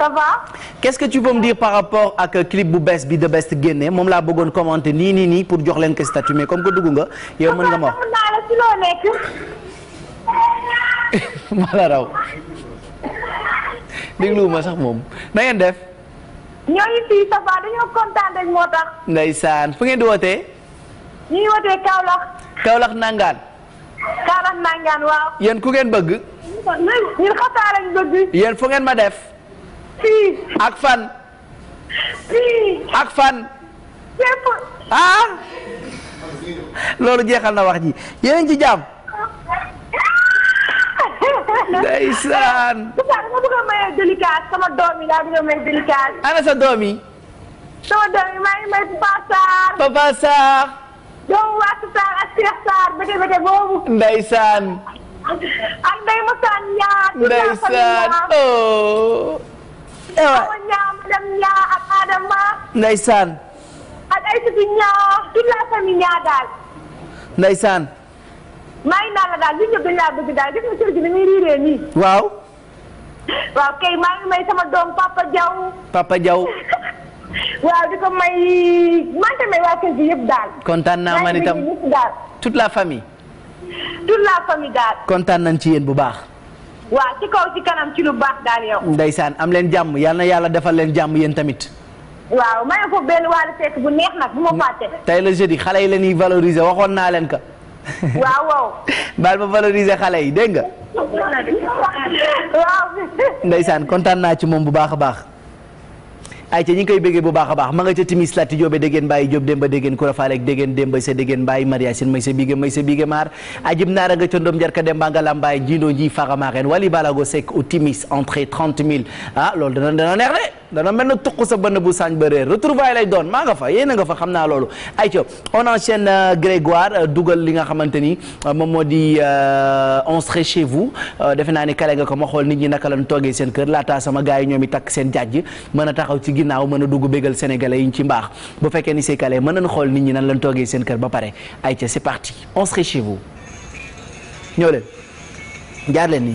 ça va. qu'est-ce que tu peux me dire par rapport ak clip bu bees bi de best génne moom laa bëggoon commenter nii nii nii pour jox leen ko statut mais comme que dugg nga. yow mën nga ma wax ma la *laughs* raw dégluwuma sax moom na ngeen def. ñooñu fii ça va dañoo kontaan rek moo tax. ndeysaan fu ngeen di wootee. ñu ngi wootee Kaolack. Kaolack nangaan. Kaaral Nangaan waaw. yéen ku ngeen bëgg. ñun ñun xataa ngeen ma def. ak fan. fii. ak fan. fépp. ah. loolu jeexal na wax ji yéen ci jàmm. *laughs* ndeysaan. dama a maye sama doom yi maye délicat. ana doomu Waatu Sarr a Cheikh Sarr bëte bëte boobu. ndeysaan. ak Ndeye Moussa Niar. ndeysaan oh. Awa Niar madame Niar ak Adama. ndeysaan. daal. ndeysaan. maa ngi naan la daal ñun ñëpp dañu laa bëgg daal gis nga kër gi ni muy riiree kay maa may sama doom Papa Diaw. Papa Diaw. *laughs* waaw di ko may man tamit naa man itam toute la famille. toute la famille nañ ci yéen bu baax. waaw ci kaw ci am leen jàmm yal na yàlla defal leen jàmm yéen tamit. waaw ma ne ko la jeudi xale yi la ñuy valoriser waxoon naa leen ko. waaw waaw. *laughs* baal xale yi dégg nga. *laughs* waaw. ndeysaan kontaan naa ci moom bu baax a baax. ay ca ñi ngi koy bu baax a baax ma nga ca timis latti joobe déggeen bàyyi jóob démba déggeen kura faaleek déggeen démba sa déggeen bàyyi maria may sa bigé may sa bigé maar ajib naara nga ca ndoom njarka demba nga lambaay jiindoo ji faxamaaren wali balago sek au timis entrée 30 000 ah loolu dana neex de dana mel na tuq sa bënn bu saañ ba réer retrouvaille lay doon maa nga fa yéen a nga fa xam naa loolu ayca on enchaîne euh, Grégoire euh, dugal li nga xamante ni euh, moom moo di on serait chez vous defe naa ni kale nga ko ma xool nit ñi naka lañ toogee seen kër laataa sama gars yi ñoom i takk seen jàjj mën a taxaw ci ginnaaw mën a dugg bégal sénégalais yi ñu ci mbaax bu fekkee ni c'est calé mën nañ xool nit ñi nan lañ toogee seen kër ba pare ay ayca c'est parti on serait chez vous ñëw leen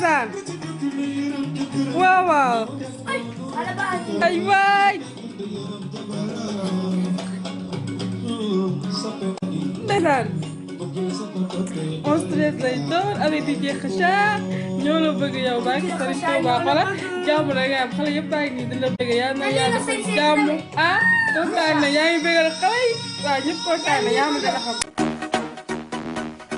ndeysaan waaw ay waay ndeysaan onze treize lay doon avec di jeex xacaar ñoo la bëgg yow baa ngi sëriñ Touba xola jàmm nga xale yëpp ngi nii di la bëgg yaa na yàlla jàmm ah kontaan na yaa ngi bëggal xale yi waaw ñëpp kontaan yaa ma gën a xam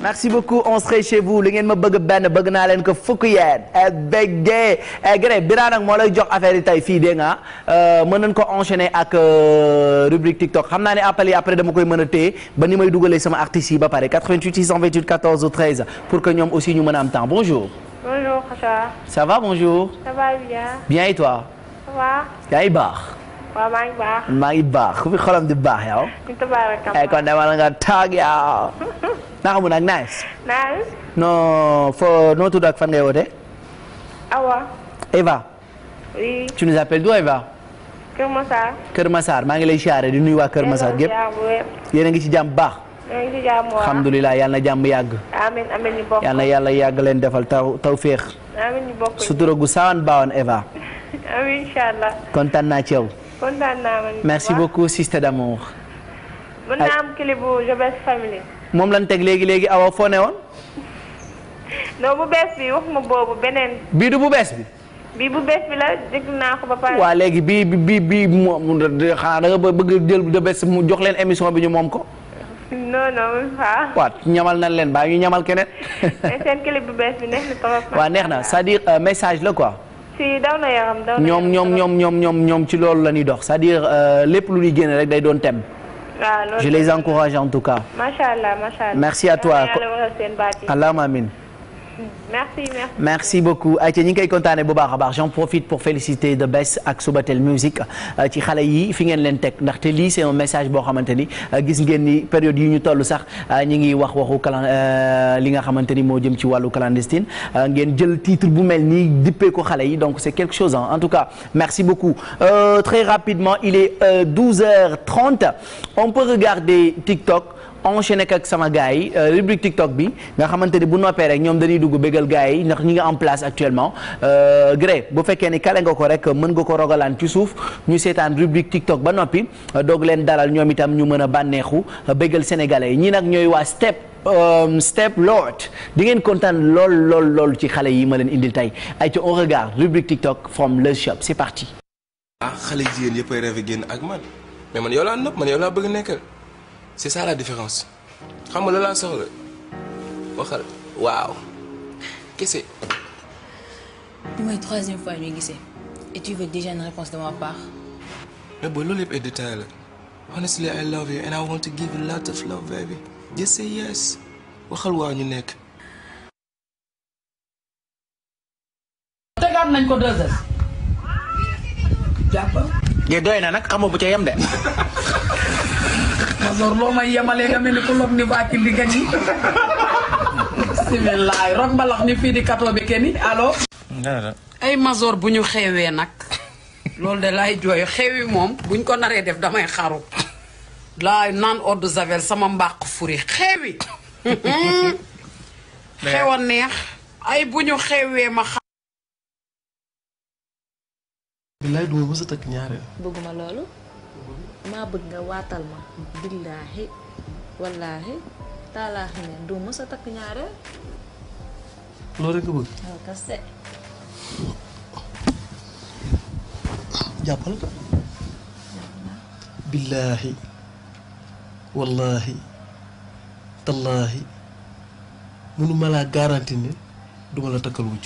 merci beaucoup on serait chez vous li ngeen ma bëgg benn bëgg naa leen ko fukk yeen eh, béggee eh, gré biraa nag moo lay jox affaire yi tey fii dégg nga euh, mën nañ ko enchaîner ak euh, rubrique TikTok xam naa ne appel après dama koy mën a téye ba ni may dugalee sama artistes ba pare 88 628 14 13 pour que ñoom aussi ñu mën a am temps bonjour. bonjour Kheucha. ça va bonjour. ça va bien. bien toi. ça va. yaa baax. waaw maa ngi baax. maa ngi baax ku fi xolam di baax yow. ay kon dama la nga taag yow. *laughs* naa xamul nag nice. nice. non foo noo tudd ak fan ngay woote. Awa. Eva. oui. tu nous appelles d'où Eva. Kër Masar. Kër Masar maa ngi lay siyaare di nuyu waa Kër Masar gépp. yéen a ngi ci jàmm baax. yéen a ngi ci jàmm waaw. alhamdulilah yal na jàmm yàgg. amiin amiin ñu bokk. yal na yàlla yàgg leen defal taw tawféex. amiin ñu bokk. sutura gu saawan baawan Eva. *laughs* amiin incha allah. kontaan naa ci yow. kontaan merci beaucoup sister d'amour. mën naa am clip bu Je Family. moom lan teg léegi léegi awa foo ne woon. non bu bees bi wax ma boobu beneen. bii du bu bees bi. bii bu bees bi la déglu naa ko ba pare. waaw léegi bii bii bii moom xanaa da nga bëgg jël de mu jox leen émission bi ñu moom ko. non non waaw. waaw ñamal nañ leen baa ñu ñamal keneen. seen neex na sa waaw dire message la quoi. si daw na yaram daw na ñoom ñoom ñoom ñoom ñoom ñoom ci loolu la ñuy dox c'est-à-dire euh, lépp lu ñuy génne rek day doon thème. waaw ah, je les encourage en tout cas. macha allah merci à toi allahumma amiin. merci merci merci beaucoup ayca ñi ngi koy kontaane bu baax a baax profite pour féliciter The Best ak Subatel Music euh, ci xale yi fi ngeen leen teg ndaxte lii c'est un message boo xamante ni euh, gis ngeen ni période yi ñu toll sax euh, ñi ngi wax waxu cala li nga xamante ni moo jëm ci wàllu clandestine ngeen jël titre bu mel nii dippee ko xale yi donc c'est quelque chose en tout cas merci beaucoup euh, très rapidement il est 12h30 on peut regarder TikTok enchaîné ak sama gars yi euh, rubrique TikTok bi nga xamante bu noppee rek ñoom dañuy dugg bégal gars yi ndax ñi nga en place actuellement euh, gré bu fekkee ni kale nga ko rek mën nga ko rogalaan ci suuf ñu seetaan rubrique TikTok ba noppi doog leen dalal ñoom itam ñu mën a bànneexu euh, bégal sénégalais yi ñi nag ñooy waa step step lord di ngeen kontaan lool lool lool ci xale yi ma leen indil tey ay ci on regarde rubrique TikTok from le shop c'est parti. ah xale jigéen yëpp ay ak man c'est ça la différence xam nga la soxla waxal waaw kese. mooy troisième fois ñuy gisee et tu veux déjà une réponse de part. mais loolu yëpp ay détail la honestly I love you and I want to give you lots of love baby just say yes waxal waaw ñu nekk. tegaat nañ ko deux doy na nag xamoo bu ca yem de. *laughs* Masor loo may yemalee nga mel ni ku log ni vaaki li gañ yi bisimilaay rog mbalax ni fii di kato bi kenn allo ay Masor bu ñu xewee nag loolu de lay jooy xewi moom buñ ko naree def damay xaru lay naan eau de javel sama mbàq furi xewi *laughs* xew a neex ay bu ñu xewee ma xam bilaay duma mës a loolu maa bëgg nga waatal ma billaahi wallaahi taalaaxi ne du mës a takk ñaareel eh? loolu rek nga bëgg jàppal billaahi wallaahi tallaahi mënuma laa garanti ne duma la takkal wujj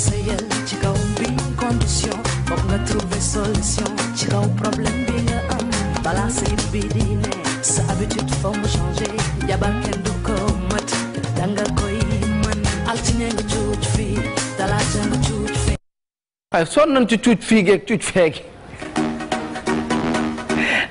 sëyal ci kaw bi condition foog nga trouver solution ci kaw problème bi nga am bala sëy bi di ne sa habitude foog mu changer jabar kenn du ko danga koy mën altine nga cuuj fii talaata nga cuuj fee waaye sonn nañ ci cuuj fii geeg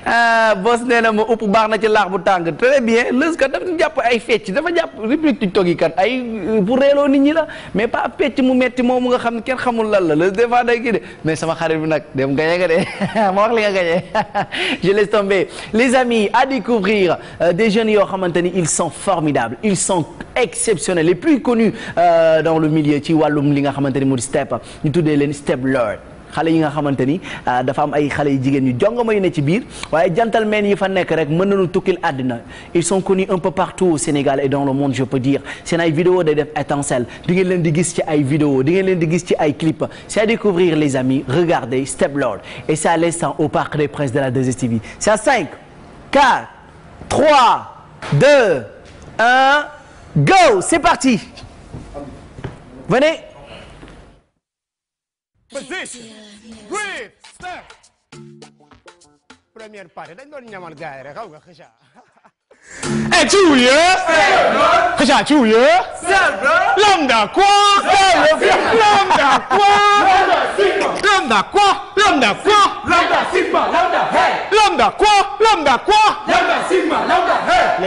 *laughs* Ah, boss nee na ma upp baax na laax bu tàng très bien lës kat dafa jàpp ay fecc dafa jàpp réplique TikTok yi kat ay euh, bu reeloo nit ñi la mais pas fecc mu metti moomu nga xam ne kenn xamul lan la lës des fois day mais sama xarit bi nag dem gañe nga de *laughs* ma wax li nga gañe *laughs* je laisse tomber les amis à découvrir euh, des jeunes yoo xamante ni ils sont formidables ils sont exceptionnels les plus connus euh, dans le milieu ci wàllum li nga xamante ni moo di step ñu tuddee leen step lord xale yi nga xamante ni euh, dafa am ay xale yu jigéen ñu jongoma yu ne ci biir waaye gentlemen yi fa nekk rek mën nañu tukkil àddina ils sont connus un peu partout au Sénégal et dans le monde je peux dire seen ay vidéo day def étincelle di ngeen leen di gis ci ay vidéo di ngeen leen gis ci ay clip c'est à découvrir les amis regardez Step Lord et c'est à l'instant au Parc des Princes de la 2STV c'est à go c'est parti venez position breathe step première partie dañ doon ñamal gars yi rek xaw nga xëca e ci wuye xëca ci wuye lambda quoi lambda quoi lambda quoi lambda quoi lambda sigma lambda hey lambda quoi lambda quoi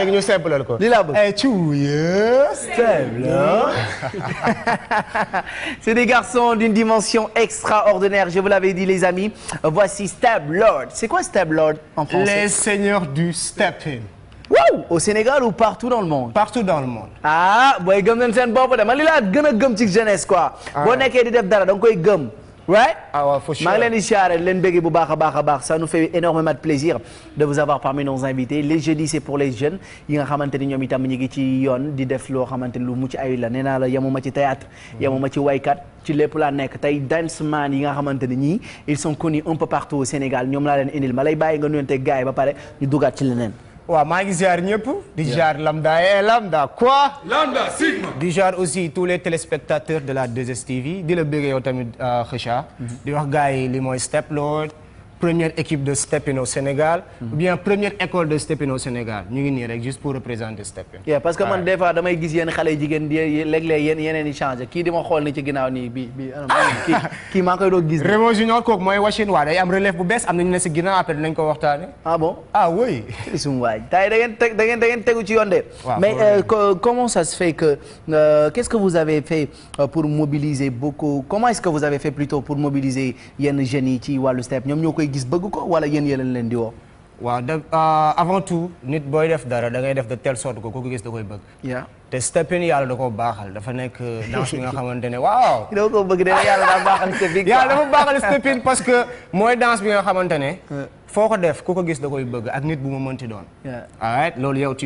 léegi ñu simple ko. li laa bëgg cuuye eh, simple. *laughs* c'est des garçons d'une dimension extraordinaire je vous l'avais dit les amis voici Step Lord c'est quoi Step Lord en français les seigneurs du stepping. au Sénégal ou partout dans le monde. partout dans le monde. ah booy gëm nañ seen bopp de man li laa gën a gëm ci jeunesse quoi. Ah. boo nekkee di def dara da nga koy gëm. Ouais. Ah ouais, faut maa leen di bu baax a baax a baax sa nous fait énormément de plaisir de vous avoir parmi nos invités les jeudis c'est pour les jeunes yi nga xamante ni ñoom itam ñu ngi ci yoon di def loo xamante ni lu mucc ayib la nee naa la yemuma ci théâtre mm-hmm. yemuma ci waykat ci lépp laa nekk tey dance man yi nga xamante ni ñii ils sont connus un peu partout au Sénégal ñoom laa leen indil ma lay bàyyi nga nuyonte gaay ba pare ñu dugaat ci leneen waaw maa ngi ziar ñëpp. di ziar Lamda et Lamda quoi. Lamda Sigma. di aussi tous les téléspectateurs de la 2STV di la bëggee yow tamit euh, Kheucha. Mm-hmm. di wax gars yi li mooy Step première équipe de Steppin au Sénégal. ou mhm. première école de Steppin au Sénégal ñu ngi rek juste pour représenter Steppin. waaw parce que man des fois damay gis yenn xale jigéen di léeg-léeg yenn yeneen yi di ma xool ni ci ginnaaw nii bi bi ah, kii *laughs* kii maa koy doon gis. Rémo Junior ne si comment ça se fait que euh, qu'est-ce que vous avez fait euh, pour mobiliser beaucoup comment est que vous avez fait plutôt pour mobiliser yenn jeunes ci wàllu step ñoom gis bëgg ko wala yéen yéen leen di woo. waaw de ah, avant tout nit booy def dara da ngay def de telle sorte ko ku ko gis da koy bëgg. te step in yàlla da koo baaxal dafa nekk *laughs* danse bi nga xamante ne waaw. *laughs* da koo bëgg de yàlla daa baaxal step in. dafa baaxal step parce que mooy danse bi nga xamante ne. *laughs* foo ko def ku ko gis da koy bëgg ak nit bu ma mënti doon. alright loolu yow tu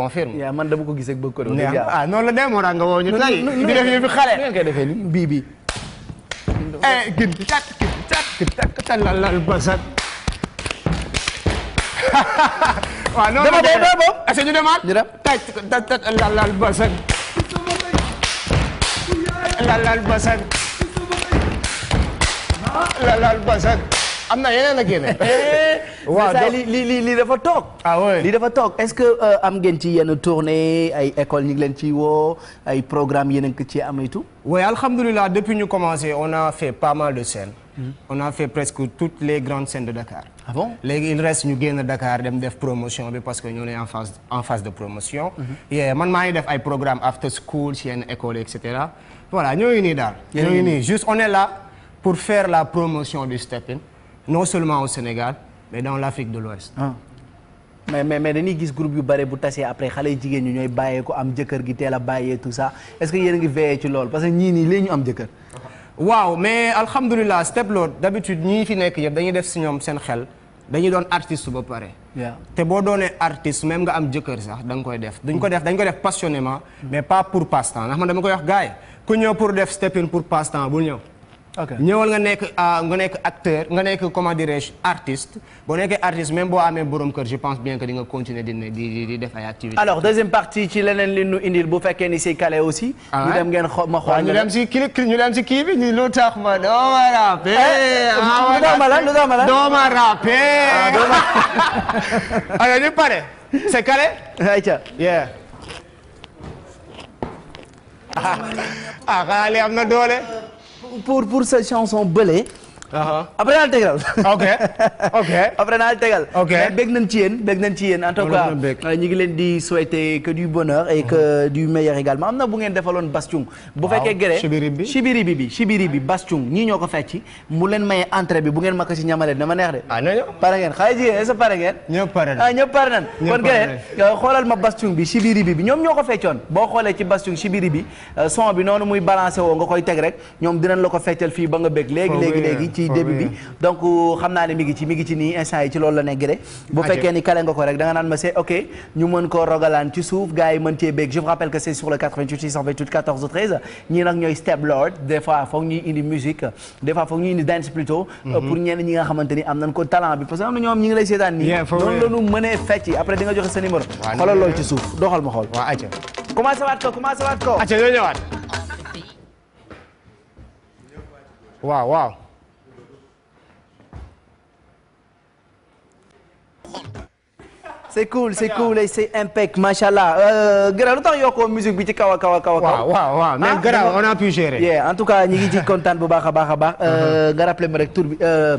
confirme. yaa man bu ko gis ak bëgg ko doon. ah noonu la demoon nga woo ñu tey. di def yëfi xale. takkatalal albasat. waaw noonu la demee dama demaat ñu dem takkatalal am na yeneen ak yeneen. waaw li lii li dafa toog. ah oui li dafa toog est-ce que am ngeen ci yenn ay école ñu ngi leen ci woo ay programme yeneen ko ci am et tout. oui alhamdulilah depuis ñu commencé on a fait pas mal de scènes. Mm-hmm. on a fait presque toutes les grandes scènes de Dakar. ah bon léegi il reste ñu génn Dakar dem def promotion bi parce que ñoo ne en phase en phase de promotion. Mm-hmm. et man maa ngi def ay programme after school ci yenn école et voilà ñoo ngi nii daal. ñoo ngi nii juste on est là pour faire la promotion du Step non seulement au Sénégal mais dans l'Afrique de l'Ouest ah. mais mais mais gis groupe yu bare bu tasee après xale yu jigéen ñi ñooy bàyyee ko am jëkkër gi teel a bàyyee tout ça est-ce que yéen a ñu am jëkkër. waaw mais alhamdulilah Steplo d'habitude ñii fi nekk yëpp dañuy def si ñoom seen xel dañuy doon artiste ba pare. te boo doonee artiste même nga am jëkkër sax da nga koy def. dañ ko def dañ ko def passionnément. mais pas pour passe temps ndax man dama koy wax gars yi ku ñëw pour def step in pour passe temps bul ñëw. ñëwal nga nekk ah, nga nekk acteur nga nekk comment dirais-je artiste boo nekkee artiste même boo amee borom kër je pense bien que di nga continuer di di di def ay activités. alors deuxième partie ci leneen li nu indil bu fekkee ni c'est calé aussi. Ah ñu dem ngeen xo ma xool. ñu dem si kii ñu lu tax ma doo ma rappé. Eh, ah, *laughs* ñu pare c'est calé. ayca *laughs* yeah. *laughs* am na doole. bu pour pour sa chanson bële après naa tegal. ok ok *laughs* après naa tegal. ok mais nañ ci yéen bëgg nañ ci yéen en tout euh, di souhaiter bu ngeen defaloon Bastung. bu fekkee gëree chibiri bi chibiri bi chibiri bi Bastung ñii ñoo ko fecci bi bu ngeen ma ko ci ñamalee dama neex de. ah non ah, bi chibiri bi ñoo ko feccoon boo xoolee ci Bastung chibiri bi euh, bi noonu muy balancé woo nga koy teg rek ñoom dinañ la ko feccal fii ba nga bëgg léegi léegi léegi donc euh, xam naa ne mi ngi ci mi ngi ci nii instant yi ci loolu la nekk bu fekkee ni kale nga ko rek da naan ma c'est ok ñu mën koo rogalaan ci suuf gars yi mën cee béeg je vous rappelle que sur le ñii nag ñooy step lord des fois foog ñuy indi musique des fois foog dance plutôt mhm. pour ñenn ñi nga xamante am nañ ko talent bi parce am na ñoom ñi ngi lay seetaan nii noonu la ñu mënee fecc après di nga joxe sa numéro xoolal ci suuf doxal ma xool commencé waat c'est cool c'est cool et c'est impec macha allah euh, Gara lu tax yokkoo bi ci kaw a kaw a kaw. waaw waaw waaw mais ah, en tout cas ñu ngi ci *laughs* bu baax a a baax. Euh, uh-huh. nga rappelé bi euh,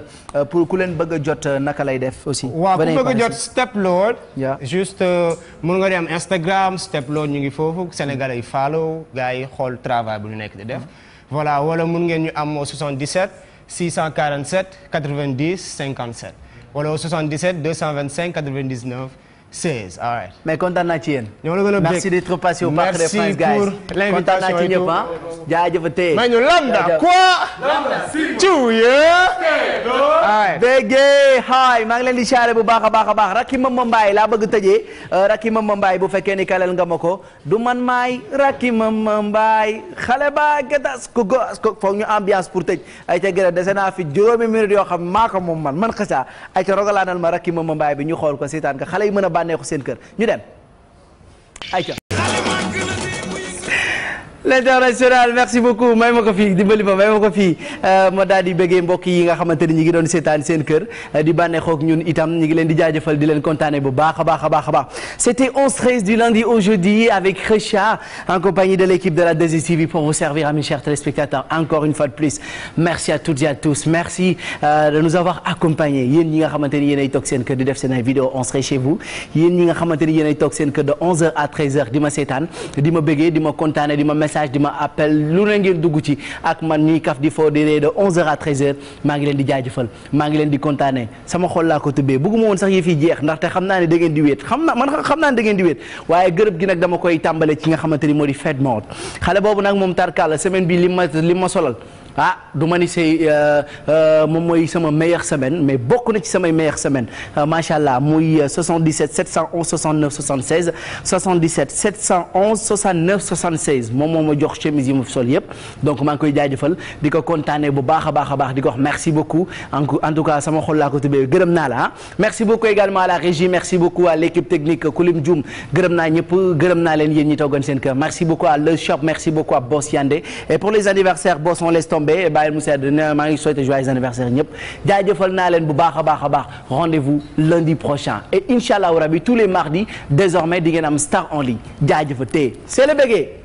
pour ku leen bëgg a jot naka lay def aussi. waaw ku bëgg a jot Step Lord. juste mun nga dem Instagram Step Lord ñu ngi foofu sénégal yi follow gars yi xool travail bu ñu nekk di def. voilà wala mun ngeen ñu am 77 647 90 57 wala 77 225 99. 16 all right. mais kontaan naa ci yen ñoo la gën a bég merci d'être passé au Parc des Princes guys. merci pour l'invitation kontaan naa ci ñëpp ah. jaajëfatee. ma ñu lambda haay maa ngi leen di siyaare bu baax a baax a baax rakki Mama Mbaye laa bëgg tëjee euh, rakki Mama baay bu fekkee ni kalel nga ma ko du man maay rakki Mama Mbaye xale ba gatas ko gos ko ambiance pour ay ca gërëm dese naa fi juróomi minute yoo xam maa ko moom man man ay ca rogalaanal ma rakki Mama Mbaye bi ñu xool ko seetaan ka xale yi mën a bànneexu seen kër ñu dem ayca l'international merci beaucoup may ma ko fii dimbali ma may ma ko fii euh, ma daal di bëggee yi nga xamante ni ñi ngi doon seetaan seen kër euh, di bànneexoo ak ñun itam ñi ngi leen di jaajëfal di leen kontaane bu baax lundi au avec Kheucha en compagnie de l'équipe de la 2STV pour vous servir à mes chers téléspectateurs encore une fois de plus merci à toutes et tous merci euh, de nous avoir accompagnés yéen ñi nga xamante ni yéenay toog seen kër di def seen ay vidéo chez vous yéen nga xamante ni yéenay toog seen kër de 11h à 13h message di ma appel lu ne ngeen dugg ci ak man ñuy kaf di foo de 11h à 13h maa ngi leen di jaajëfal maa ngi leen di kontaane sama xol laa ko tubbee bëgguma woon sax yi fi jeex ndaxte xam naa ne da di wéet xam naa man xam naa ne da di wéet waaye gërëb gi nag dama koy tàmbale ci nga xamante moo di Fed Mode xale boobu nag moom tarkal semaine bi li ma li ma solal ah du ma ni say euh, euh, moom mooy sama meilleure semaine mais bokk na ci samay meilleure semaine euh, macha allah muy 77 711 69 76 77 711 69 76 moom moo ma jox chemise yi ma fi sol yëpp donc maa ngi koy jaajëfal di ko kontaanee bu baax a baax a baax di ko wax merci beaucoup en tout cas sama xol laa ko tuddee gërëm naa la ah merci beaucoup également à la régie merci beaucoup à l' technique Koulim Dioum gërëm naa ñëpp gërëm naa leen yéen ñi toogoon seen merci beaucoup à Le Shop merci beaucoup tombé bàyyil mu sedd ne maa ngi souhaité joyeux bu baax a baax a baax rendez-vous lundi prochain et incha allah rabi tous les mardis désormais di ngeen am star en ligne jaajëfa tee c'est